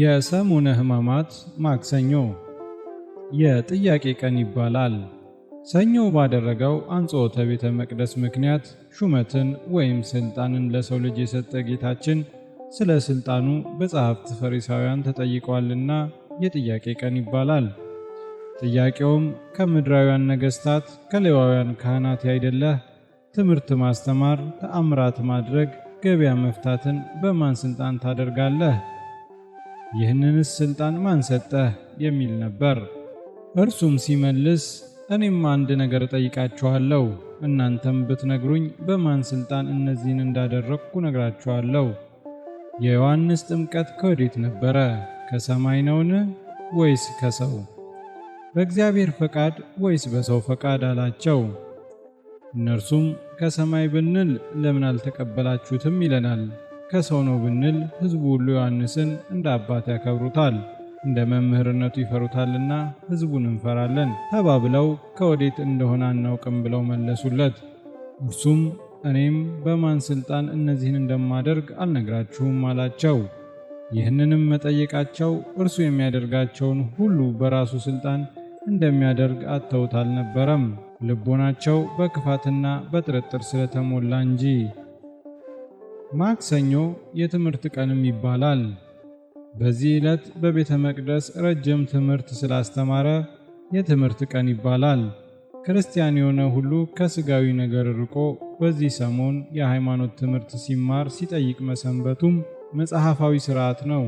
የሰሙነ ሕማማት ማክሰኞ የጥያቄ ቀን ይባላል። ሰኞ ባደረገው አንጽሖተ ቤተ መቅደስ ምክንያት ሹመትን ወይም ሥልጣንን ለሰው ልጅ የሰጠ ጌታችን ስለ ሥልጣኑ በጸሐፍት ፈሪሳውያን ተጠይቋልና የጥያቄ ቀን ይባላል። ጥያቄውም ከምድራውያን ነገሥታት ከሌዋውያን ካህናት ያይደለህ ትምህርት ማስተማር፣ ተአምራት ማድረግ፣ ገበያ መፍታትን በማን ሥልጣን ታደርጋለህ? ይህንንስ ሥልጣን ማን ሰጠህ የሚል ነበር። እርሱም ሲመልስ እኔም አንድ ነገር እጠይቃችኋለሁ፣ እናንተም ብትነግሩኝ በማን ሥልጣን እነዚህን እንዳደረግኩ ነግራችኋለሁ። የዮሐንስ ጥምቀት ከወዴት ነበረ? ከሰማይ ነውን? ወይስ ከሰው? በእግዚአብሔር ፈቃድ ወይስ በሰው ፈቃድ አላቸው። እነርሱም ከሰማይ ብንል ለምን አልተቀበላችሁትም ይለናል ከሰው ነው ብንል ሕዝቡ ሁሉ ዮሐንስን እንደ አባት ያከብሩታል፣ እንደ መምህርነቱ ይፈሩታልና ሕዝቡን እንፈራለን ተባብለው ከወዴት እንደሆነ አናውቅም ብለው መለሱለት። እርሱም እኔም በማን ሥልጣን እነዚህን እንደማደርግ አልነግራችሁም አላቸው። ይህንንም መጠየቃቸው እርሱ የሚያደርጋቸውን ሁሉ በራሱ ሥልጣን እንደሚያደርግ አጥተውት አልነበረም፣ ልቦናቸው በክፋትና በጥርጥር ስለተሞላ እንጂ። ማክሰኞ የትምህርት ቀንም ይባላል። በዚህ ዕለት በቤተ መቅደስ ረጅም ትምህርት ስላስተማረ የትምህርት ቀን ይባላል። ክርስቲያን የሆነ ሁሉ ከስጋዊ ነገር ርቆ በዚህ ሰሞን የሃይማኖት ትምህርት ሲማር ሲጠይቅ መሰንበቱም መጽሐፋዊ ሥርዓት ነው።